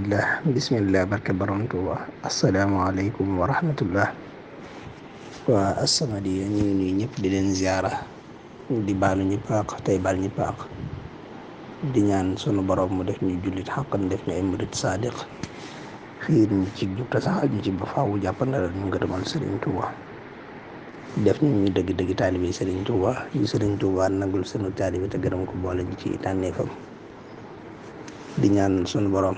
billah bismillah barke borom Tuuba asalaamaaleykum wa rahmatullah waa As-Samadiyya ñu ngi nuyu di leen ziyaara di baalu ñu paax tey baal ñu di ñaan sunu borom mu def ñu jullit xaqan def ñu ay murit saadiq xiir ñu ci jub te sax ñu ci ba faawu jàppandalal ñu ngërëmal Sëriñ Tuuba def ñu ñu dëgg dëgg taalibe Sëriñ Tuuba yu Sëriñ Tuuba nagul sunu taalibe te gërëm ko boole ñu ci tànneefam di ñaan sunu borom.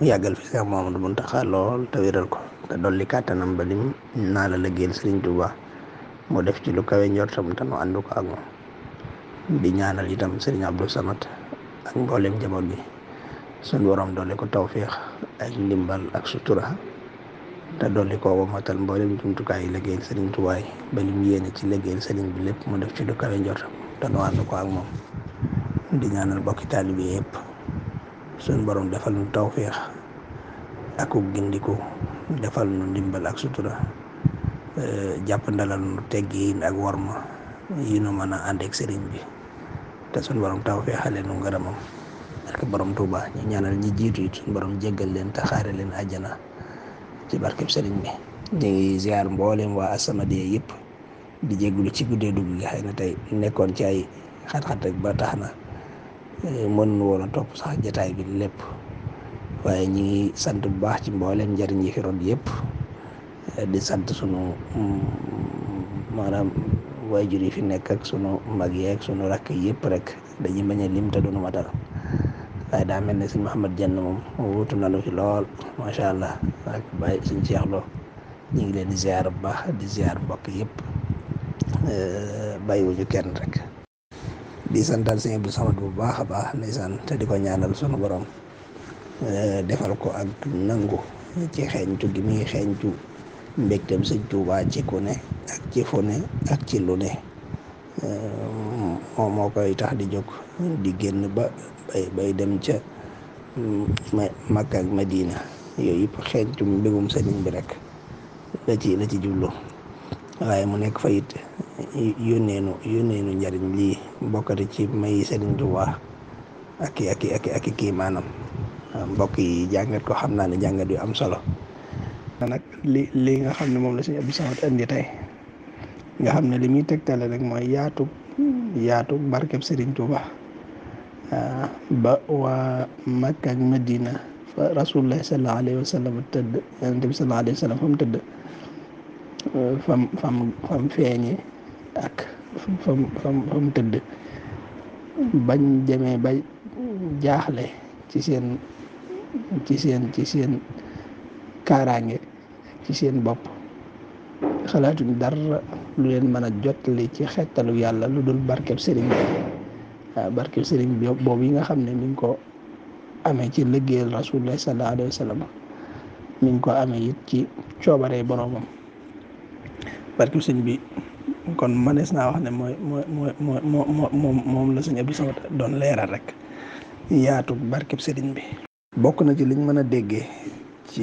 mu yàggal fi Cheikh Mouhamadou Mountakha lool te wéral ko te kàttanam ba naa la lëggéeyal Serigne Touba mu def ci lu kawe njortam te nu ànd ko ak moom di ñaanal itam Serigne Abdou Samad ak mboolem njaboot bi suñ borom dolli ko tawféex ak ndimbal ak sutura te dolli ko womatal mboolem jumtukaay yi lëggéeyal Serigne Touba ba lim ci lëggéeyal Serigne bi lépp mu def ci lu kawe njortam te nu ànd ak moom di ñaanal bokki taalibe yépp suñ borom defal nu tawféex ak gindiku defal nu ndimbal ak sutura eh, jàpp ndalal nu teggiin ak warma yi nu mën a ànd sëriñ bi te suñ borom tawféexale nu ngërëmam barke borom Touba ñu ñaanal ñi jiitu it suñ borom jéggal leen te xaare leen ajana ci barkeb sëriñ bi ñu ngi mboolem waa Asamaadiya yëpp di jégalu ci guddee dugg gi xëy na tey nekkoon ci ay xat-xat ba tax Eh, mën woon topp sax jataay bi lépp waaye ñi ngi sant bu baax ci mboolem njariñ yi fi rod yëpp eh, di sant sunu mm, maanaam waajur yi fi nekk ak sunu mag yi ak sunu rakk yëpp rek dañuy bañ a lim te duñu matal waaye daa mel ne sëñ Mouhamed Dieng moom wuutu na lu fi lool macha allah ak bàyyi suñ Cheikh Lo ñu ngi leen di ziar bu baax di ziar mbokk yëpp eh, bàyyiwuñu kenn rek. di santal sëñ Abdou Samad bu baax a baax ndeysaan te di ko ñaanal sunu borom eh, defal ko ak nangu ci xeeñtu gi muy xeeñtu mbégteem sëñ Tuubaa ci ku ne ak ci fu ak ci lu ne eh, moom moo koy tax di jóg di génn ba bay dem ca mm, Makka ak diina yooyu yëpp xeeñtu mbégum sëriñ bi rek la ci la ci jublu waaye mu nekk fa it yónneenu njariñ lii bokkati ci may Sëriñ maanaam mbokk yi jàngat ko xam naa ne jàngat yu am solo nag li li nga xam ne moom la suñu Abdou Samad indi xam ne li tegtale rek mooy yaatu yaatu barkeb Sëriñ Tuubaa ba waa Makka ak Madina fa Rasulullah fa mu tëdd fam fam fam feeñe ak fam fam fam tëdd bañ demee ba jaaxle ci seen ci seen ci seen kaaraange ci seen bopp xalaatuñ dara lu leen mën a jotali ci xettalu yàlla lu dul barkeb sëriñ bi waaw bi boobu yi nga xam ne mi ko amee ci liggéeyal rasulullah sallallahu alayhi wa sallam mi ngi ko amee it ci coobaree boroomam barkeb sëñ bi kon manees naa wax ne mooy mooy mooy mooy moo moom la sëñ Abdou doon leeral rek yaatu barkeb sëriñ bi. bokk na ci liñ mën a déggee ci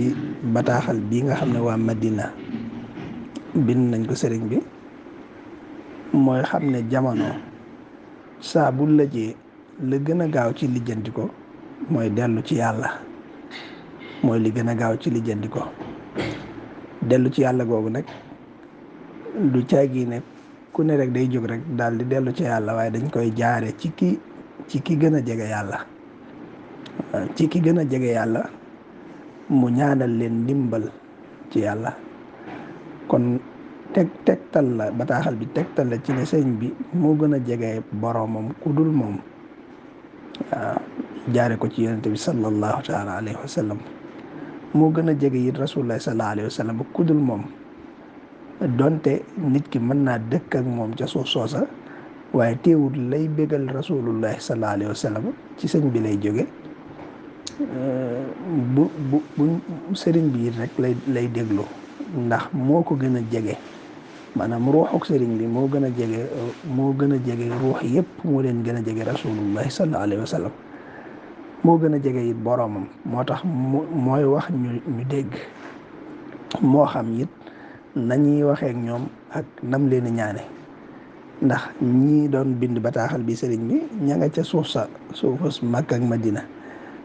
bataaxal bii nga xam ne waa Madina bind nañ ko sëriñ bi mooy xam ne jamono saa bu lëjee la gën a gaaw ci lijjanti ko mooy dellu ci yàlla mooy li gën a gaaw ci lijjanti ko dellu ci yàlla googu nag. du caagi ne ku ne rek day jóg rek daal di dellu ci yàlla waaye dañ koy jaare ci ki ci ki gën a jege yàlla ah, ci ki gën a jege yàlla mu ñaanal leen ndimbal ci yàlla kon teg tegtal la bataaxal bi tegtal la ci ne sëñ bi moo gën a jege boroomam ku dul moom waaw ah, jaare ko ci yonente bi sallallahu taala alayhi wa sallam moo gën a jege it rasulullah sallallahu alayhi wa sallam ku moom donte nit ki mën naa dëkk ak moom ca suuf soosa waaye teewul lay bégal rasulullahi sallallahu alayhi wa ci sëñ bi lay jóge bu bu sëriñ bi rek lay lay déglu ndax moo ko gën a jege maanaam ruuxuk sëriñ bi moo gën a jege moo gën a jege ruux yëpp moo leen gën a jege rasulullahi sallallahu alayhi wa moo gën a jege it boroomam moo tax mooy wax ñu ñu dégg moo xam it nañuy waxee ñoom ak nam leen ñaane ndax ñi doon bind bataaxal bi sëriñ bi ña ca suuf sa suufus Makka ak Madina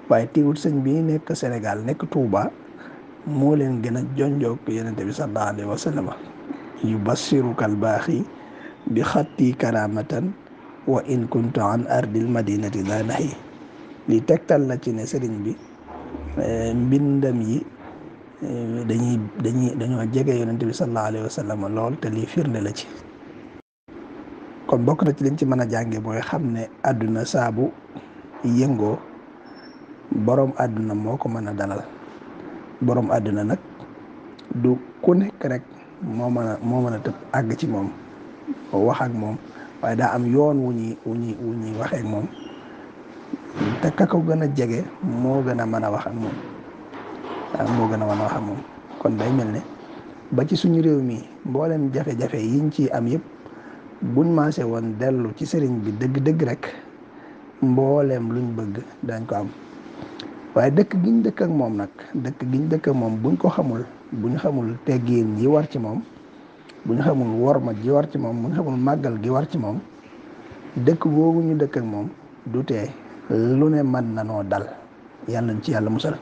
waaye tiwut sëñ bi nekk Sénégal nekk tuuba moo leen gën a jonjoog yenente bi sallallahu alayhi wa sallam yu bassirukal baaxi bi xatti karamatan wa in kuntu an ardil madinati la nahi li tegtal la ci ne sëriñ bi eh, mbindam yi Eh, dañuy dañuy dañoo jege yonent bi sallallahu alayhi wa sallam lool te lii firnde la ci kon bokk na ci lañ ci mën a jànge mooy xam ne àdduna saabu yëngoo boroom àdduna moo ko mën a dalal boroom àdduna nag du ku nekk rek moo mën a moo tëb àgg ci moom wax ak moom waaye daa am yoon wu ñuy wu ñuy wu waxee ak moom te ka ko gën a jege moo gën a mën a wax ak moom moo gën a mën a wax ak moom kon day mel ne ba ci suñu réew mi mboolem jafe-jafe yiñ ci am yëpp buñ maase woon dellu ci sëriñ bi dëgg-dëgg rek mbooleem luñ bëgg dañ ko am waaye dëkk giñ dëkk ak moom nag dëkk giñ dëkk ak moom buñ ko xamul buñ xamul teggiin yi war ci moom buñ xamul worma ji war ci moom buñ xamul màggal gi war ci moom dëkk boobu ñu dëkk ak moom du lu ne mën na noo dal yàlla nañ ci yàlla musal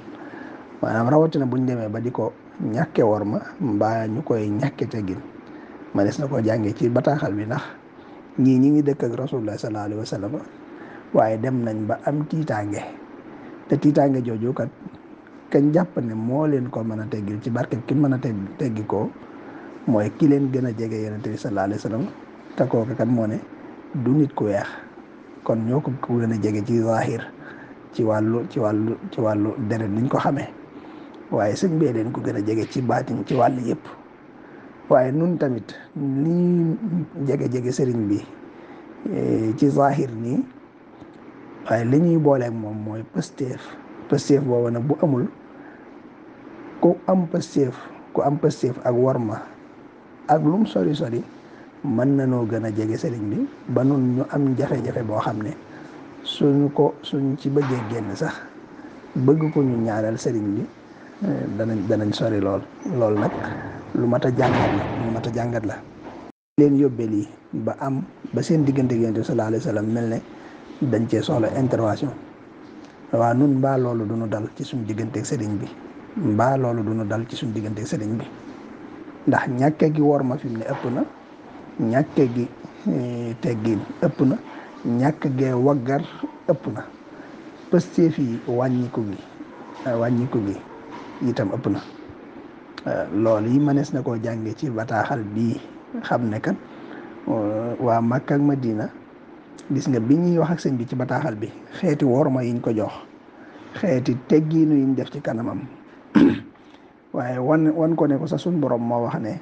maanaam rawatina buñ demee ba di ko ñàkke war ma mbaa ñu koy ñàkke teggin ma des na koo jàngee ci bataaxal bi ndax ñii ñi ngi dëkk ak rasulullah sallallahu alayhi wa waaye dem nañ ba am tiitaange te tiitaange jooju kat kañ jàpp ne moo leen ko mën a teggil ci barke ki mën a teggi ko mooy ki leen gën a jege yonente bi sallallahu alayhi wa te kooku kat moo ne du nit ku weex kon ñoo ko gën a jege ci zahir ci wàllu ci wàllu ci wàllu deret niñ ko xamee waaye sëñ bee leen ko gën a jege ci baatin ci wàll yëpp waaye nun tamit li ñuy jege-jege sëriñ bi eh, ci zahir nii waaye li ñuy booleeg moom mooy pësteef pësteef boobu nag bu amul ku am pësteef ku am pësteef ak warma ak lum sori sori mën na noo gën a jege sëriñ bi ba nun ñu am jafe-jafe boo xam ne suñ ko suñ ci bëggee génn sax bëgg ko ñu ñaanal sëriñ bi danañ danañ sori lool lool nag lu mat a jàngat la lu mat a jàngat la leen yóbbee lii ba am ba seen diggante yonent bi sallallahu alayhi mel ne dañ cee soxla intervention waaw nun mbaa loolu dal ci suñu digganteeg sëriñ bi mbaa loolu du ñu dal ci suñu digganteeg sëriñ bi ndax ñàkke gi wor ma fi mu ne ëpp na ñàkke gi e, teggiin ëpp na ñàkk gee waggar ëpp na pëstéef yi wàññiku gi wàññiku gi itam ëpp na euh, loolu yi mënees na koo jànge ci bataaxal bii xam ne kat euh, waa Makka ak Madina gis nga bi ñuy wax ak sëñ bi ci bataaxal bi xeeti ma yiñ ko jox xeeti teggiinu yiñ def ci kanamam waaye wan wan ko ne ko sa suñ borom moo wax ne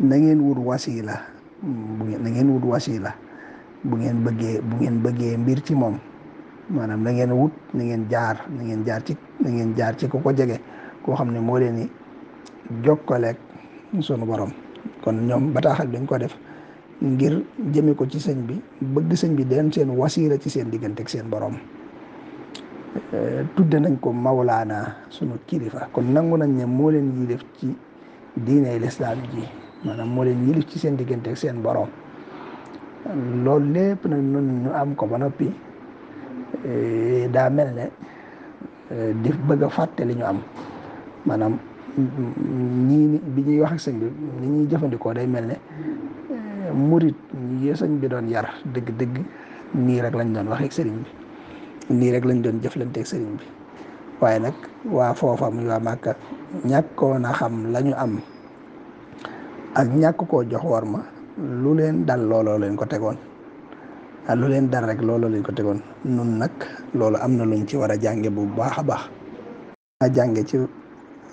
na ngeen wut wasiila bu ngeen na ngeen wut wasiila bu ngeen bëggee bu ngeen bëggee mbir ci moom maanaam na ngeen wut na ngeen jaar na ngeen jaar ci na ngeen jaar ci ku ko jege koo xam ne moo leen ni jokkaleeg sunu borom kon ñoom bataaxal dañ ko def ngir jëme ko ci sëñ bi bëgg sëñ bi den seen wasiira ci seen diggante ak seen borom eh, tudde nañ ko mawlaana sunu kilifa kon nangu nañ ne moo leen yilif ci diine lislaam maanaam moo leen ci seen diggante ak seen borom loolu lépp nag nun ñu am ko ba noppi eh, daa mel ne eh, di bëgg a fàtte li ñu am maanaam ñii bi ñuy wax ak bi ni ñuy jëfandikoo day mel ne eh, murit yi sëñ bi doon yar dëgg-dëgg nii rek lañ doon wax ak sëriñ bi nii rek lañ doon jëflanteeg sëriñ bi waaye nag waa foofa muy waa Màkka ñàkkoon a xam lañu am ak ñàkk ko jox war ma lu leen dal looloo leen ko tegoon lu leen dal rek loolo leen ko tegoon nun nag loolu am na luñ ci war a jànge bu baax a baax a jànge ci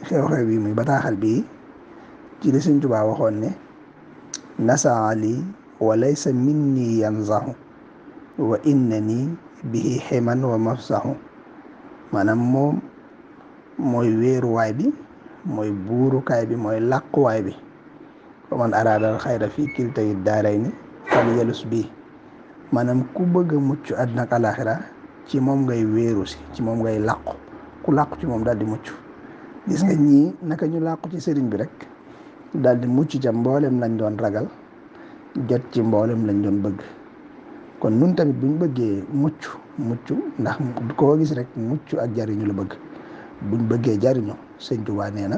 xew-xew muy bataaxal bi ci li Sëñ Tuubaa waxoon ne nasa li wa laysa minni yanzahu wa innani bihi ximan wa mafsahu maanaam moom mooy wéeruwaay bi mooy buurukaay bi mooy làquwaay bi fa man araadal xayra fii kiltay daaray ni fal yelus bii maanaam ku bëgg a mucc àdduna ci moom ngay wéeru ci moom ngay làqu ku làqu ci moom daal di mucc gis nga ñii naka ñu làqu ci sëriñ bi rek daal di mucc ca mboolem lañ doon ragal jot ci mboolem lañ doon bëgg kon nun tamit buñ ñu bëggee mucc mucc ndax koo gis rek mucc ak jariñu la bëgg buñ bëggee jariñu sëñ Tuubaa nee na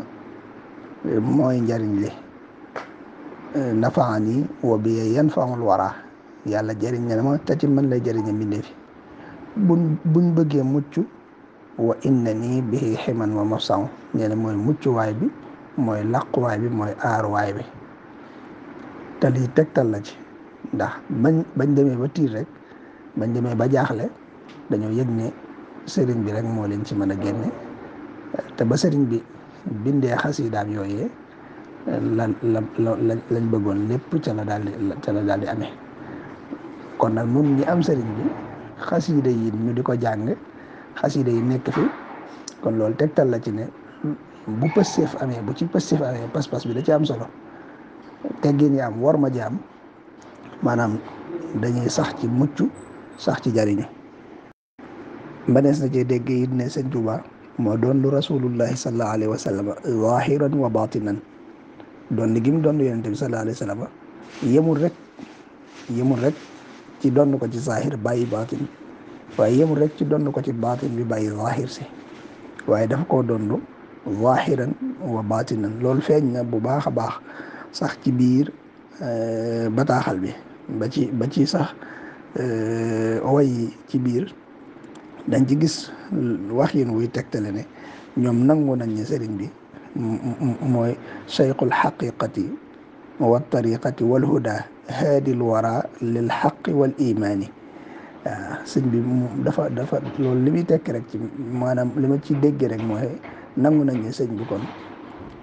mooy njariñ li nafaani wa bi yan faamul waraa yàlla jariñ ne ma te ci man lay jariñ mbindee fi buñ buñ mucc wa inna nii bii ximan wa mafsan nee na mooy muccuwaay bi mooy làquwaay bi mooy aaruwaay bi te lii tegtal la ci ndax bañ bañ demee ba tiir rek bañ demee ba jaaxle dañoo yëg ne sëriñ bi rek moo leen ci mën a génne te ba sëriñ bi bindee xasidaam yooyee la la la lañ bëggoon lépp ca la daal di ca la daal di amee kon nag nun ñi am sëriñ bi xasida yi ñu di ko jàng xasida yi nekk fi kon loolu tegtal la ci ne bu pësseef amee bu ci pësseef amee pas-pas bi da ci am solo teggin yi war ma ji am maanaam dañuy sax ci mucc sax ci jariñu mbanees na cee dégg it ne sëñ Tuuba moo doon lu rasulullahi sallallahu alayhi wa sallam zahiran wa batinan doon li gim doon yonente bi sallallahu alayhi wa sallam yemul rek yemul rek ci doon ko ci zahir bàyyi batin waaye yemul rek ci donn ko ci baatin bi bàyyi zahir si waaye dafa koo donn zahiran wa baatinan lool feeñ na bu baax a baax sax ci biir euh, bataaxal bi ba ci ba ci sax euh, way yi ci biir dañ ci gis waxin wuy tegtale ne ñoom nangu nañ ne sëriñ bi mooy cheikhul xaqiqati wa tariqati wal huda haadi l wara lil xaqi wal imaani sëñ bi dafa dafa loolu li muy tekki rek ci maanaam li ma ci déggee rek mooy nangu nañ ne sëñ bi kon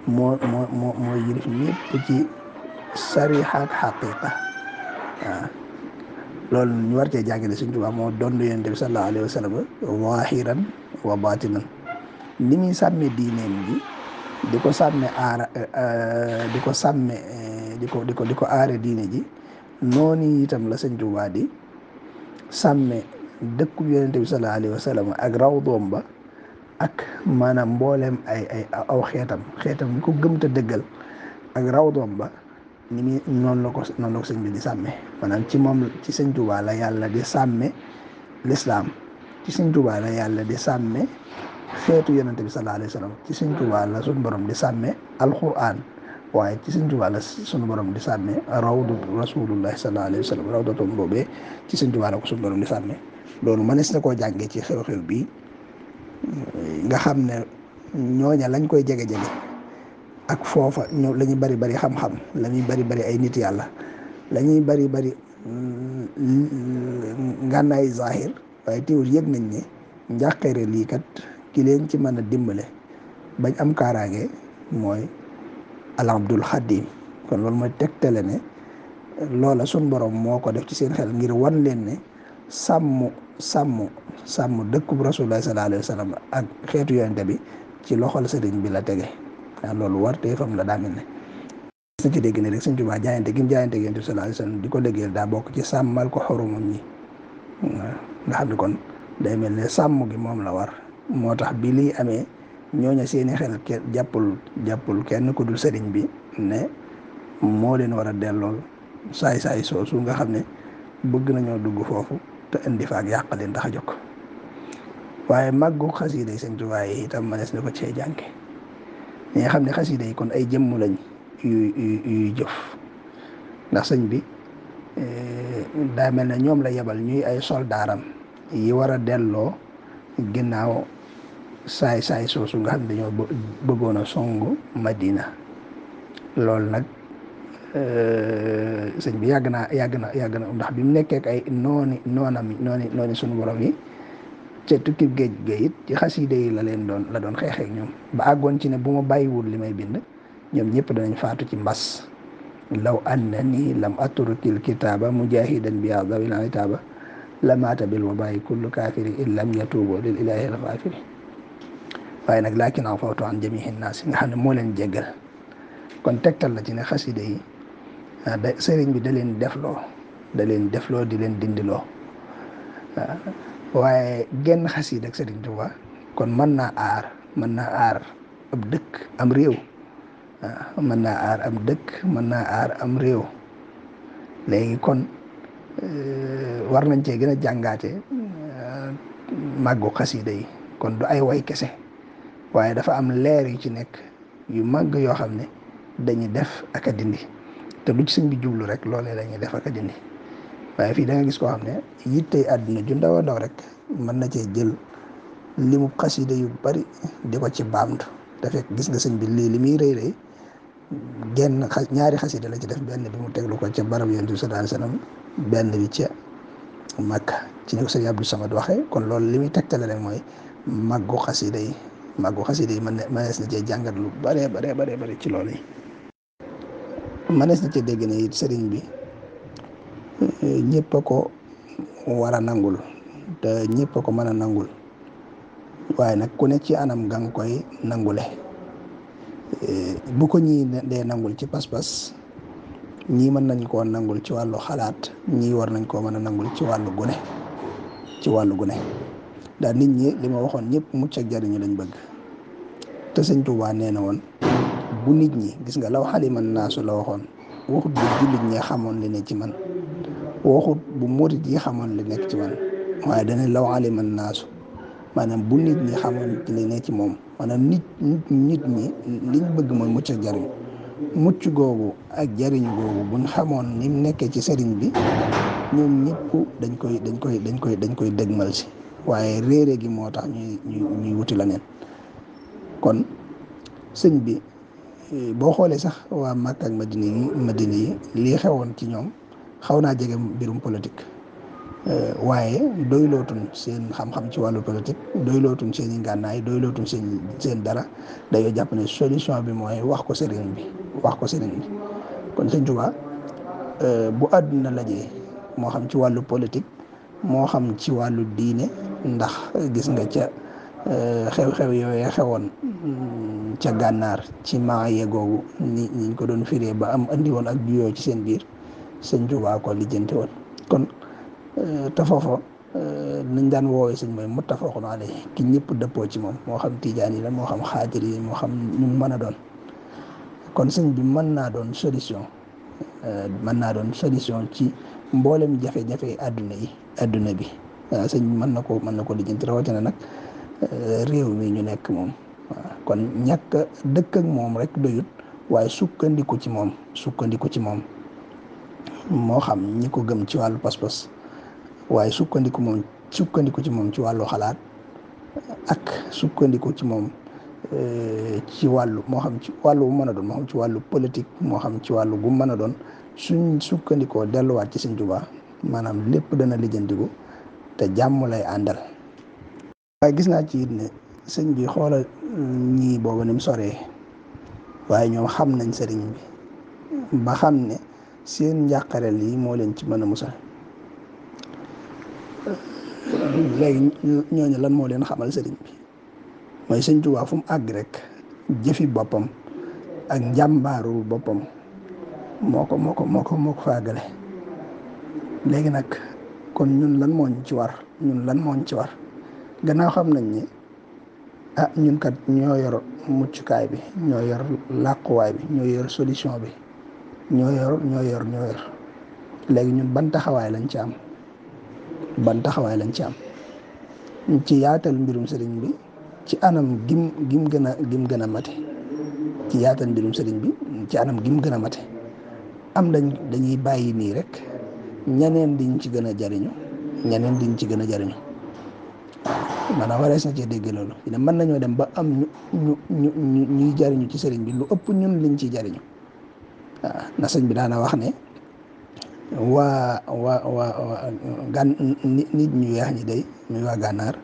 moo moo moo ci sari xaak xaqiqa waaw loolu ñu war cee jàngale sëñ Tuubaa moo doon yonent bi sallallahu alayhi wa sallam ni muy sàmme diineem bi di ko sàmme aara euh, di ko sàmme di ko di ko di ko aare diine ji noonu itam la sëñ Tuubaa di sàmme dëkkub yonente bi sallallahu alayhi wa sallam ak raw doom ba ak maanaam mbooleem ay ay aw xeetam xeetam ko gëm te dëggal ak raw doom ba ni muy noonu la ko noonu la ko sëñ bi di sàmme maanaam ci moom ci sëñ Tuubaa la yàlla di sàmme lislaam ci sëñ Tuubaa la yàlla di sàmme xeetu yonente bi sallallahu alayhi wa sallam ci sëñ Tuubaa la suñ borom di sàmme alquran waaye ci sëñ Tuubaa la sunu borom di sàmme rawdu rasulullahi sallallahu alayhi wa sallam rawdatum boobee ci sëñ Tuubaa ko sunu borom di sàmme loolu mënees na koo jàngee ci xew-xew bi nga xam ne ñooña lañ koy jege-jege ak foofa ñoo lañuy bari bari xam-xam la bari bari ay nit yàlla lañuy bari bari mm, ngànnaay zahir waaye teewul yëg nañ ne njàqare lii kat ki ci mën a dimbale bañ am kaaraange mooy al abdul xadim kon loolu mooy tegtale ne loola sun borom moo ko def ci seen xel ngir wan leen ne sàmm sàmm sàmm dëkkub rasulullah sallallahu alayhi wa sallam ak xeetu yonte bi ci loxol sëriñ bi la tege waaw loolu wartee fam la daa mel ne suñ ci dégg ne rek suñ Tuubaa jaayante gi jaayante yonte bi sallallahu alayhi di ko liggéeyal daa bokk ci sàmmal ko xorumam ñi nga day mel ne sàmm gi moom la war moo tax bi amee ñooña seeni xel jàppul jàppul kenn ku dul sëriñ bi ne moo leen war a dellool saay-saay soosu nga xam ne bëgg nañoo dugg foofu te indi faak yàq leen tax a jokk waaye màggu xasida yi Sëñ Tuubaa yi itam mënees na ko cee jànke nga xam ne xasida yi kon ay jëmm lañ yu yuy ndax sëñ bi eh, daa mel ne ñoom la yebal ñuy ay soldaaram yi war a delloo ginnaaw saay-saay soosu nga xam ne dañoo bëggoon a songu Madina loolu nag euh, sëñ bi yàgg naa yàgg na yàgg na ndax bi mu nekkee ay nooni noonam nooni nooni sunu borom yi ca tukki géej ga it ci xasida yi la leen doon la doon xeexeek ñoom ba àggoon ci ne bu mu bàyyiwul li may bind ñoom ñëpp danañ faatu ci mbas law annani lam atrukil kitaaba mujahidan bi adawil itaba la bi bil wabayi kullu kaafiri in lam yatuubu lil ilahi al xaafiri waaye nag laakin afawtu an jamihi naas nga xam ne moo leen jéggal kon tegtal la ci ne xasida yi ah, da sëriñ bi da leen defloo da leen defloo di leen dindiloo waaye genn xasida ak sëriñ Tuubaa kon mën naa aar mën naa aar ab dëkk am réew ah, mën naa aar am dëkk mën naa aar am réew léegi kon eh, war nañ cee gën a jàngaate eh, màggu xasida yi kon du ay way kese waaye dafa am leer yu ci nekk yu màgg yoo xam ne dañuy def ak a dindi te lu ci sëñ bi jublu rek loole la ñuy def ak a dindi waaye fii da gis koo xam ne yittey àdduna ju ndaw a ndaw rek mën na cee jël limu xasida yu bari di ko ci baamtu te fekk gis nga sëñ bi lii li muy rey rëy genn xas ñaari xasida la ci def benn bi mu teglu ko ca barab yonent bi sallallahu alayhi wasallam benn bi ca Makka ci ni ko sëñ Abdou Samad waxee kon loolu li muy tegtale rek mooy màggu xasida yi màggu xasida yi mën mënees na cee jàngat lu bare bare bare bare ci loolu yi mënees na cee dégg ne it sëriñ bi eh, ñëpp a ko war a nangul te ñëpp a ko mën a nangul waaye nag ku ne ci anam ga koy nangule eh, bu ko ñii dee nangul ci pas-pas ñii mën nañ koo nangul ci wàllu xalaat ñii war nañ koo mën a nangul ci wàllu gune ci wàllu gune daal nit ñi li ma waxoon ñëpp mucc ak jariñu lañu bëgg te sëñ Tuubaa na woon bu nit ñi gis nga law xaliman naasu la waxoon waxut bu jullit ñi xamoon li ne ci man waxut bu murit yi xamoon li nekk ci man waaye dana law xaliman naasu maanaam bu nit ñi xamoon li ne ci moom maanaam nit nit ñi liñ bëgg mooy mucc ak jariñ mucc googu ak jariñ googu buñ xamoon ni mu nekkee ci sëriñ bi ñoom ñëpp koy dañ koy dañ koy dañ koy dëgmal si waaye réere gi moo tax ñuy ñuy wuti la neen kon sëñ bi eh, boo xoolee sax waa Makka ak Madina yi yi lii xewoon ci ñoom xaw naa jege birum politique eh, waaye doylootuñ seen xam-xam ci wàllu politique doylootuñ seen i ngànnaay doylootuñ seen seen dara dañoo jàpp ne solution bi mooy wax ko sëriñ bi wax ko sëriñ bi kon sëñ Tuubaa eh, bu àdduna lajee moo xam ci wàllu politik moo xam ci wàllu diine ndax gis nga ca euh, xew-xew yooye xewoon mm, ca gànnaar ci maaye googu ni ñiñ ko doon fiire ba am andi woon ak juyoo ci seen biir sëñ Tuubaa ko lijjanti woon kon euh, te foofa euh, nañ daan woowee sëñ mooy muttafaqun alayhi ki ñëpp dëppoo ci moom moo xam tijaan yi la moo xam xaadir moo xam ñu mën a doon kon sëñ bi mën naa doon solution mën naa doon solution ci mboolem jafe-jafe àdduna yi àdduna bi Euh, sëñ bi mën na ko mën na ko lijjanti rawatina nag euh, réew mi ñu nekk moom kon ñàkk dëkk moom rek doyut waaye sukkandiku ci moom sukkandiku ci moom moo xam ñi ko gëm ci wàllu pas waaye sukkandiku moom sukkandiku ci moom ci wàllu xalaat ak sukkandiku ci moom euh, ci wàllu moo xam ci wàllu bu mën a doon moo xam ci wàllu politique moo xam ci wàllu bu mën a doon suñ sukkandikoo delluwaat ci Sëñ Tuubaa maanaam lépp dana lijjantiku te jàmm lay àndal waaye gis naa ci ne sëñ bi xoolal ñii booba ni soree waaye ñoom xam nañ sëriñ bi ba xam ne seen njàqare lii moo leen ci mën a musal léegi ñooñu lan moo leen xamal sëriñ bi mooy sëñ Tuubaa fu mu àgg rek jëfi boppam ak njambaaru boppam moo ko moo ko moo ko moo nag kon ñun lan mooñ ci war ñun lan moo ci war gannaaw xam nañ ni ah ñun kat ñoo yor muccukaay bi ñoo yor làquwaay bi ñoo yor solution bi ñoo yor ñoo yor ñoo léegi ñun ban taxawaay lañ ci am ban taxawaay lañ ci am ci yaatal mbirum sëriñ bi ci anam gim gim gën gën a mate ci yaatal mbirum sëriñ bi ci anam gim gën a mate am dañuy bàyyi nii rek. ñeneen diñ ci gën a jariñu ñeneen diñ ci gën a jariñu maanaam warees na cee dégg loolu dina mën nañoo dem ba am ñu ñu ñu ñuy jariñu ci sëriñ bi ëpp ñun liñ ci jariñu waaw ah, bi daana wax ne waa waa ñu weex ñi day muy waa gànnaar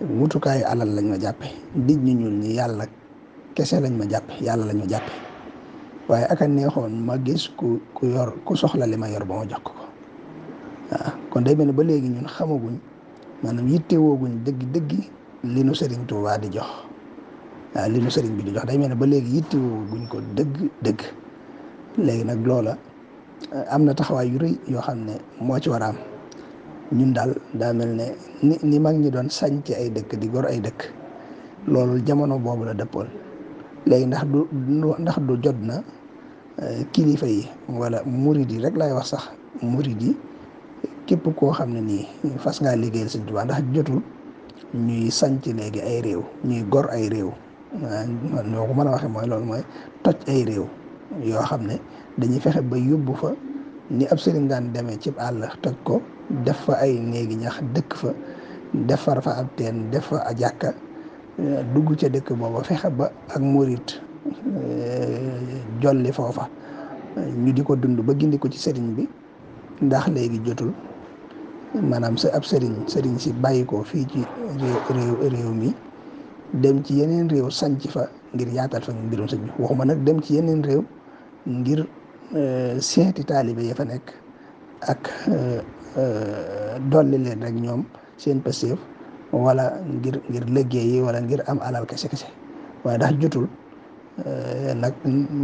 wutukaayu alal lañ ma jàppe nit ñu ñuul ñi yàlla kese lañ ma jàppe yàlla lañu ma jàppe waaye aka neexoon ma gis ku ku yor ku soxla li ma yor ba ma jox kon day mel ni ba léegi ñun xamaguñ maanaam yittewooguñ dëgg dëgg li nu sëriñ Tuubaa di jox waaw li sëriñ bi di jox day mel ni ba léegi yittewooguñ ko dëgg dëgg léegi nag loola eh, am na taxawaay yu rëy yoo xam ne moo ci war a am ñun daal daa mel ne ni mag ñi doon sànc ay dëkk di gor ay dëkk loolu jamono boobu la dëppoon léegi ndax du ndax du jot na eh, kilifa yi wala murid rek laay wax sax murid yi képp koo xam ne nii fas ngaa liggéeyal Sëñ Tuubaa ndax jotul ñuy sañc léegi ay réew ñuy gor ay réew noo ko mën a waxee mooy loolu mooy toj ay réew yoo xam ne dañuy fexe ba yóbbu fa ni ab sëriñ daan demee ci àll toj ko def fa ay néegi ñax dëkk fa defar fa ab teen def fa jàkka dugg ca dëkk booba fexe ba ak murit jolli foofa ñu di ko dund ba gindi ko ci sëriñ bi ndax léegi jotul maanaam sa ab sëriñ sëriñ si bàyyikoo fii ci réew réew mi dem ci yeneen réew sañci fa ngir yaatal fa mbirum sëñ bi waxuma nag dem ci yeneen réew ngir euh, seeti taalibe ya fa nekk ak euh, euh, dolli leen rek ñoom seen pastéef wala ngir ngir liggéey yi wala ngir am alal kese kese waaye ndax jotul nag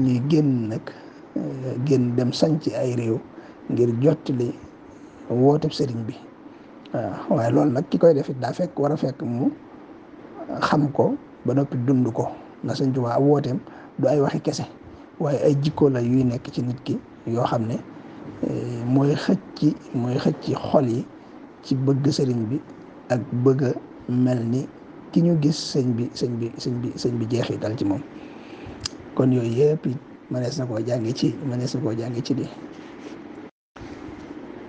ñuy génn nag génn dem sanc ay réew ngir jottali wooteb sëriñ bi waaw ah, waaye loolu nag ki koy def daa fekk war a fekk mu xam ko ba noppi dund ko nga sëñ Tuubaa ab wooteem du ay waxi kese waaye ay jikko la yuy nekk ci nit ki yoo xam ne eh, mooy xëcc mooy xëcc xol yi ci bëgg sëriñ bi ak bëgg mel ni ki ñu gis sëñ bi sëñ bi sëñ bi sëñ bi jeexital ci moom kon yooyu yëpp it mënees na koo jàngee ci mënees na koo jàngi ci lii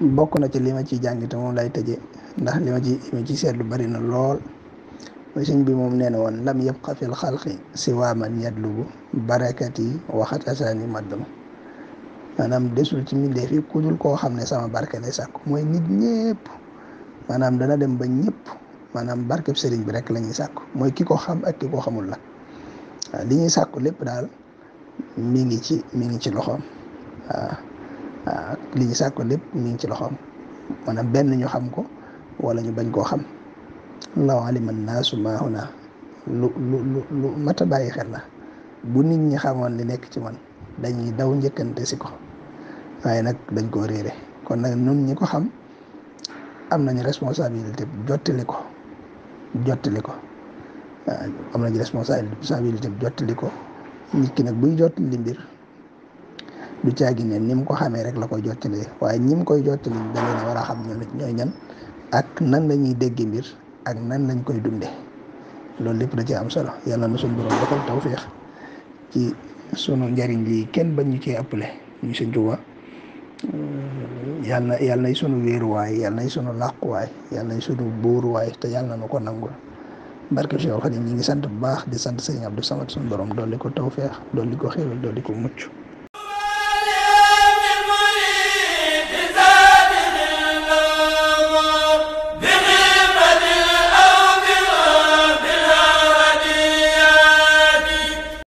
bokk na ci li ma ciy jàng moom lay tëje ndax li ma ci li ma ci seetlu bari na lool sëñ bi moom nee na woon lam yabqa fil xalqi siwa man yadlubu barakat yi waxat asaani maddama maanaam desul ci mbindeef yi ku dul koo xam ne sama barke lay sàkk mooy nit ñëpp maanaam dana dem ba ñëpp maanaam barkeb sëriñ bi rek lañuy ñuy sàkk mooy ki ko xam ak ki ko xamul la li ñuy sàkk lépp daal mi ngi ci mi ngi ci loxoom waaw Ah, li ñu sàkk lépp mi ngi ci loxoom maanaam benn ñu xam ko wala ñu bañ koo xam law alima naasu maa lu lu lu lu mat a bàyyi xel la bu nit ñi xamoon li nekk ci man dañuy daw njëkkante si ko waaye nag dañ koo réere kon nag ñun ñi ko xam am nañu responsabilité jottali ko jottali ko ah, am na nañu responsabilité jottali ko nit ki nag buy jottali mbir du caagi ne ni mu ko xamee rek la koy jottalee waaye ñi mu koy jottali da leen war xam ñoom it ñooy ñan ak nan la ñuy déggee mbir ak nan lañ koy dundee loolu lépp da ci am solo yàlla na suñu borom ci sunu njariñ lii kenn bañ ñu cee appelé ñu Sëñ yàlla na yàlla nay sunu wéeruwaay yàlla na sunu làquwaay yàlla nay sunu buuruwaay te yàlla na ko nangul barke Cheikh Xadim ñi ngi sant bu baax di sant Sëñ Abdou Samad sunu borom dolli ko tawféex dolli ko xéewal di ko mucc.